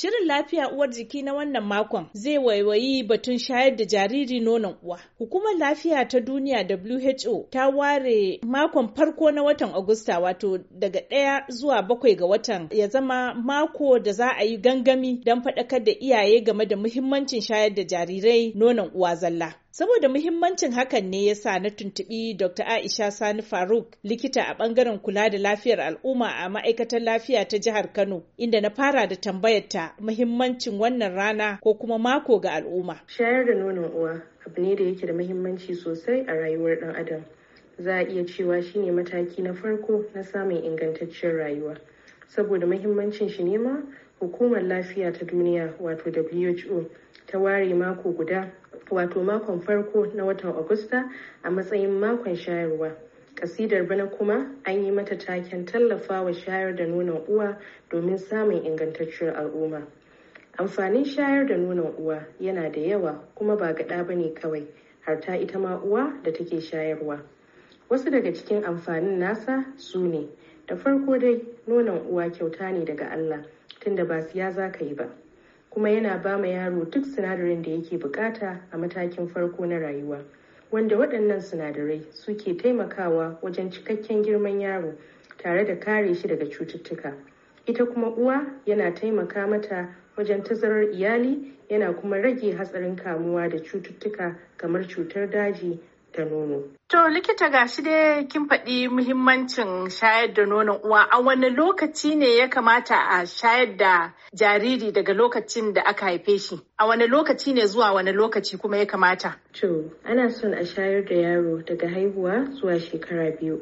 Shirin lafiya uwar jiki na wannan makon zai waiwayi batun shayar da jariri nonon uwa. Hukumar lafiya ta duniya WHO ta ware makon farko na watan Agusta wato daga ɗaya zuwa bakwai ga watan ya zama mako da za a yi gangami don faɗakar da iyaye game da muhimmancin shayar da jarirai nonon uwa zalla. Saboda muhimmancin hakan ne ya sa na tuntuɓi Dr. Aisha Sani Faruk likita a ɓangaren kula da lafiyar al'umma a ma'aikatar lafiya ta jihar Kano inda na fara da tambayar ta muhimmancin wannan rana ko kuma mako ga al'umma. Shayar da nonon uwa abu ne da yake da muhimmanci sosai a rayuwar ɗan adam. Za a iya cewa shine mataki na farko na samun ingantacciyar rayuwa. Saboda muhimmancin shi ne ma hukumar lafiya ta duniya wato WHO ta ware mako guda wato makon farko na watan Agusta a matsayin makon shayarwa. Kasidar bana kuma an yi mata taken tallafawa shayar da nonon uwa domin samun ingantacciyar al'umma. Amfanin shayar da nonon uwa yana da yawa kuma ba gaɗa ba ne kawai, har ta ita ma uwa da take shayarwa. Wasu daga cikin amfanin nasa su ne, da farko dai nonon uwa kyauta ne daga Allah, tunda ba siya za ka yi ba. kuma yana ba ma yaro duk sinadarin da yake bukata a matakin farko na rayuwa wanda waɗannan sinadarai suke taimakawa wajen cikakken girman yaro tare da kare shi daga cututtuka ita kuma uwa yana taimaka mata wajen tazarar iyali yana kuma rage hatsarin kamuwa da cututtuka kamar cutar daji ta nono. To likita ga shi dai kin faɗi muhimmancin shayar da nonon uwa a wani lokaci ne ya kamata a shayar da jariri daga lokacin da aka haife shi a wani lokaci ne zuwa wani lokaci kuma ya kamata. To ana son a shayar da yaro daga haihuwa zuwa shekara biyu.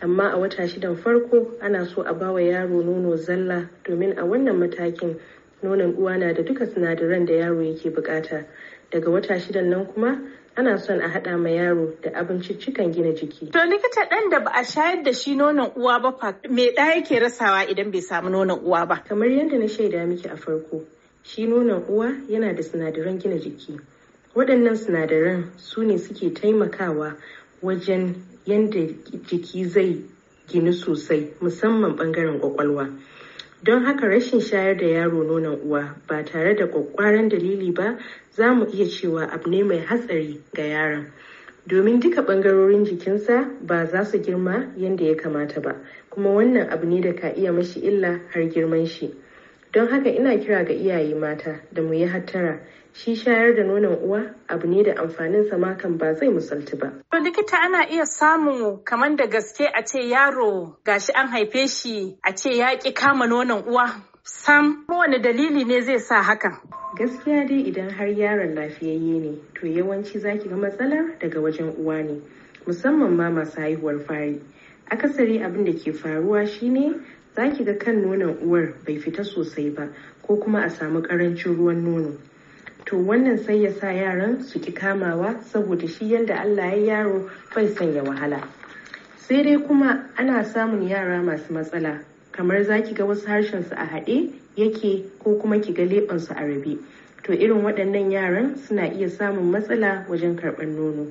Amma a wata shidan farko ana so a bawa yaro nono zalla domin a wannan matakin nonon uwa na da duka sinadaran da yaro yake bukata. daga wata shidan nan kuma ana son a haɗa ma yaro da abinciccikan gina jiki. To likita ɗan da ba a shayar da shi nonon uwa ba fa me ɗa yake rasawa idan bai samu nonon uwa ba? Kamar yadda na shaida miki a farko, shi nonon uwa yana da sinadaran gina jiki. Waɗannan sinadaran su ne suke taimakawa wajen yadda jiki zai gini sosai musamman ɓangaren ƙwaƙwalwa. don haka rashin shayar da yaro nonon uwa ba tare da kwakwaran dalili ba za mu iya cewa abu ne mai hatsari ga yaron domin duka bangarorin jikinsa ba za su girma yadda ya kamata ba kuma wannan abu ne da ka iya mashi illa har girman shi don haka ina kira ga iyaye mata da mu yi hattara shi shayar da nonon uwa abu ne da amfanin sa makan ba zai musaltu ba. To likita ana iya samun kamar da gaske a ce yaro ga shi an haife shi a ce ya ki kama nonon uwa sam kowane dalili ne zai sa hakan. Gaskiya dai idan har yaron lafiyayye ne to yawanci zaki ga matsalar daga wajen uwa ne musamman ma masu haihuwar fari. Akasari abin da ke faruwa shine za ki ga kan nonon uwar bai fita sosai ba ko kuma a samu ƙarancin ruwan nono to wannan sai ya sa yaran su ki kamawa saboda shi yadda allah ya yaro bai sanya wahala sai dai kuma ana samun yara masu matsala kamar za ki ga wasu harshen su a haɗe yake ko kuma ki ga leɓensu a rabe to irin waɗannan yaran suna iya samun matsala wajen karɓar nono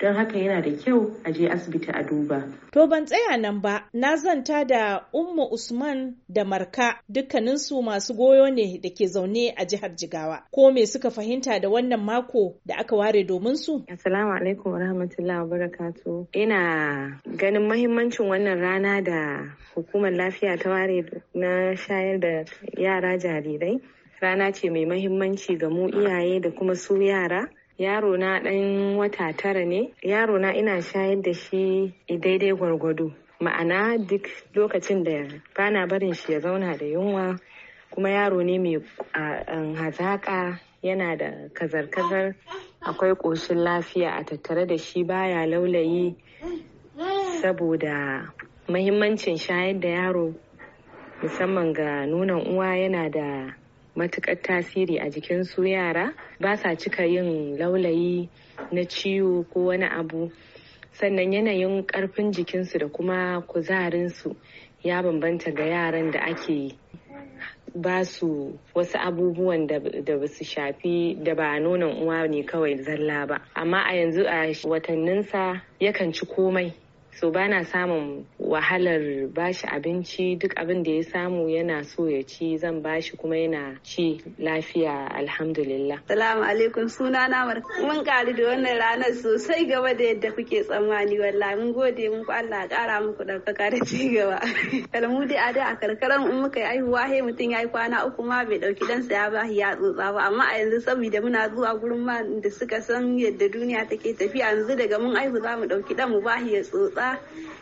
don haka yana da kyau a je asibiti a duba. To ban tsaya nan ba, na zanta da Ummu Usman da Marka dukkaninsu masu goyo ne da ke zaune a jihar Jigawa. Ko me suka fahimta da wannan mako da aka ware domin su? Assalamu alaikum wa rahmatullahi wa barakatu. Ina ganin mahimmancin wannan rana da hukumar lafiya ta ware na shayar da yara jarirai. rana ce mai mahimmanci ga mu iyaye da kuma su yara yaro na ɗan wata tara ne yaro na ina shayar da shi daidai gwargwado ma'ana duk lokacin da bana barin shi ya zauna da yunwa kuma yaro ne mai um, hazaƙa yana da kazar-kazar akwai ƙoshin lafiya a tattare da shi baya laulayi saboda mahimmancin shayar da yaro musamman ga nunan uwa yana da matuƙar tasiri a jikin su yara ba sa cika yin laulayi na ciwo ko wani abu sannan yanayin ƙarfin jikinsu da kuma kuzarinsu ya bambanta ga yaran da ake ba su wasu abubuwan da ba su shafi da ba nonon uwa ne kawai zalla ba amma a yanzu a watanninsa yakan ci komai so bana samun wahalar bashi abinci duk abin da ya samu yana so ya ci zan bashi kuma yana ci lafiya alhamdulillah. Salamu alaikum suna na mun kari da wannan ranar sosai gaba da yadda kuke tsammani wallahi mun gode muku Allah ƙara muku ɗaukaka da ci gaba. Kalmu dai a da a karkaran in muka yi aihuwa he mutum ya yi kwana uku ma bai ɗauki ɗansa ya ba ya tsotsa ba amma a yanzu saboda muna zuwa gurin ma da suka san yadda duniya take tafiya yanzu daga mun aihu za mu ɗauki ɗan mu ba ya tsotsa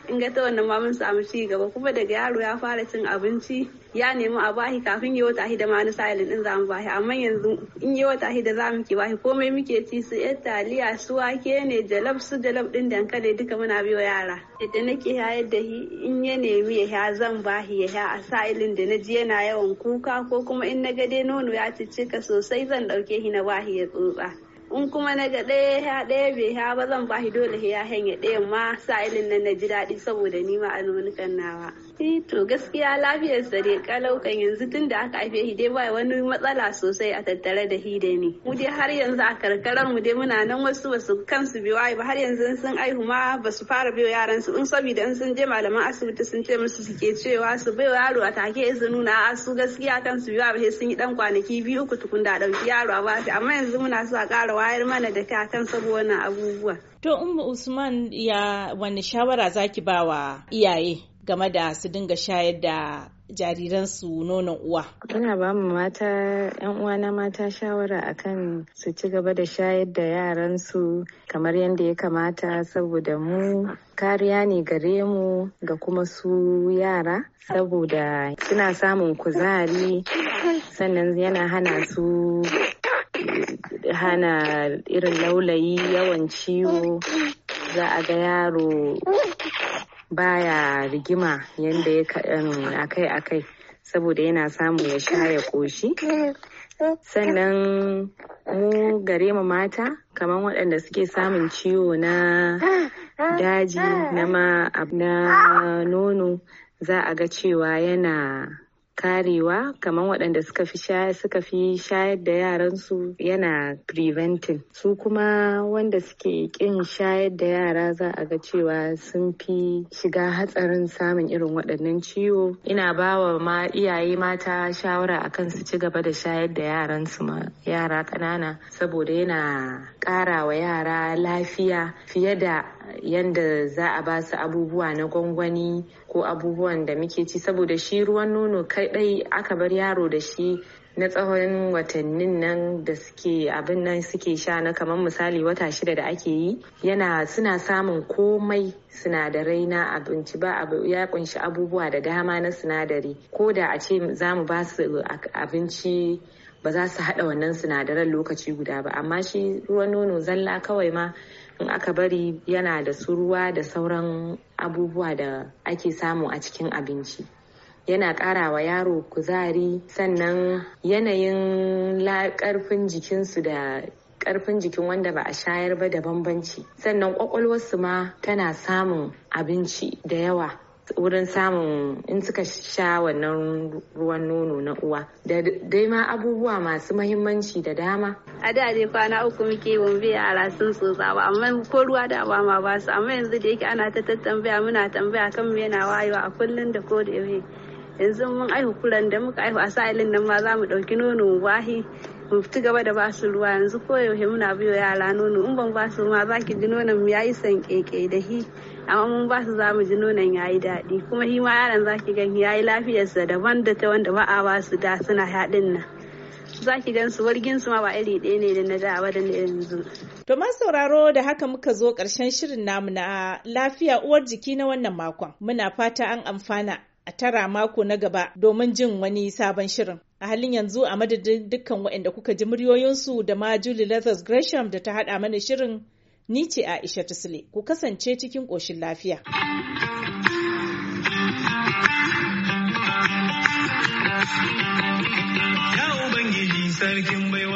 in ga ta wannan ma mun samu ci gaba kuma daga yaro ya fara cin abinci ya nemi a bashi kafin yi wata hida ma na sa'ilin din zamu bahi amma yanzu in yi wata hida mu ki bahi komai muke ci su yan taliya su wake ne jalab su jalab din dankali duka muna biyo yara yadda nake yayar da in ya nemi ya ya zan bahi ya ya a sa'ilin da na ji yana yawan kuka ko kuma in na ga dai nono ya ka sosai zan dauke shi na bahi ya tsotsa in kuma na ga ɗaya ya ɗaya bai ya ba zan ba shi dole ya hanya ɗaya ma sa ilin nan na ji daɗi saboda ni ma a nuna nawa. E, to gaskiya sa dai kalau kan yanzu tun da aka haife shi dai ba wani matsala sosai a tattare da shi ne. ni. Mu dai har yanzu a karkarar mu dai muna nan wasu basu kansu bi wai ba har yanzu sun aihu ma basu fara biyo yaran su in saboda in sun je malaman asibiti sun ce musu suke cewa su bai yaro a take su nuna a su gaskiya kansu biyu ba sun yi dan kwanaki biyu ku tukun da dauki yaro a ba amma yanzu muna so a ƙara wayar mana da kai akan saboda abubuwa. To Umma Usman ya wani shawara zaki ba wa iyaye? game da su dinga shayar da jariransu nonon uwa. Ina ba mu mata yan uwana mata shawara akan su ci gaba da shayar da yaransu kamar yadda ya kamata saboda mu kariya ne gare mu ga kuma su yara saboda suna samun kuzari sannan yana hana su hana irin laulayi yawan ciwo za a ga yaro baya rigima yadda ya akai akai saboda yana samu ya sha ya ƙoshi. sannan mu gare mu mata kamar waɗanda suke samun ciwo na daji na ma na nono za a ga cewa yana karewa kamar waɗanda suka fi shayar da yaransu yana preventing su kuma wanda suke ƙin shayar da yara za a ga cewa sun fi shiga hatsarin samun irin waɗannan ciwo ina ba wa ma iyaye mata shawara akan su ci gaba da shayar da yaransu ma yara ƙanana saboda yana ƙara wa yara lafiya fiye da yanda za a ba su abubuwa na gwangwani ko abubuwan da muke ci saboda shi ruwan nono kaɗai aka bar yaro da shi na tsawon watannin nan da suke abin nan suke sha na kamar misali wata shida da ake yi yana suna samun komai sinadarai na abinci ba abu, ya kunshi abubuwa da dama na sinadari ko da a ce za mu ba su abinci ba za su haɗa wannan sinadaran lokaci guda ba amma shi ruwan nono zalla kawai ma in aka bari yana da su ruwa da sauran abubuwa da ake samu a cikin abinci yana ƙara wa yaro kuzari sannan yanayin ƙarfin jikinsu da karfin jikin wanda ba a shayar ba da bambanci sannan kwakwalwarsu ma tana samun abinci da yawa wurin samun in suka sha wannan ruwan nono na uwa da dai ma abubuwa masu mahimmanci da dama a da dai kwana uku muke wambe yara sun so amma ko ruwa da ba ma ba amma yanzu da yake ana ta tattambaya muna tambaya kan mu yana wayewa a kullun da ko da yanzu mun aihu kuran da muka aihu a sa'ilin nan ma za mu ɗauki nono wahi mu ci gaba da basu ruwa yanzu ko koyaushe muna biyo yara nono in ban ba su ma za ki ji nonon ya yi san keke da hi amma mun ba su zamu ji nonon ya yi daɗi kuma shi ma yaron zaki gan yi lafiyarsa daban da ta wanda ba a ba su da suna haɗin nan zaki gan su wargin su ma ba iri ɗaya ne da na da ba da na yanzu to ma sauraro da haka muka zo ƙarshen shirin namu na lafiya uwar jiki na wannan makon muna fata an amfana a tara mako na gaba domin jin wani sabon shirin. A halin yanzu a madadin dukkan waɗanda kuka ji muryoyinsu da ma Julie lathers Gresham da ta haɗa mana shirin Ni ce Aisha Tusle, ku kasance cikin ƙoshin lafiya. Ya Ubangiji sarkin baiwa.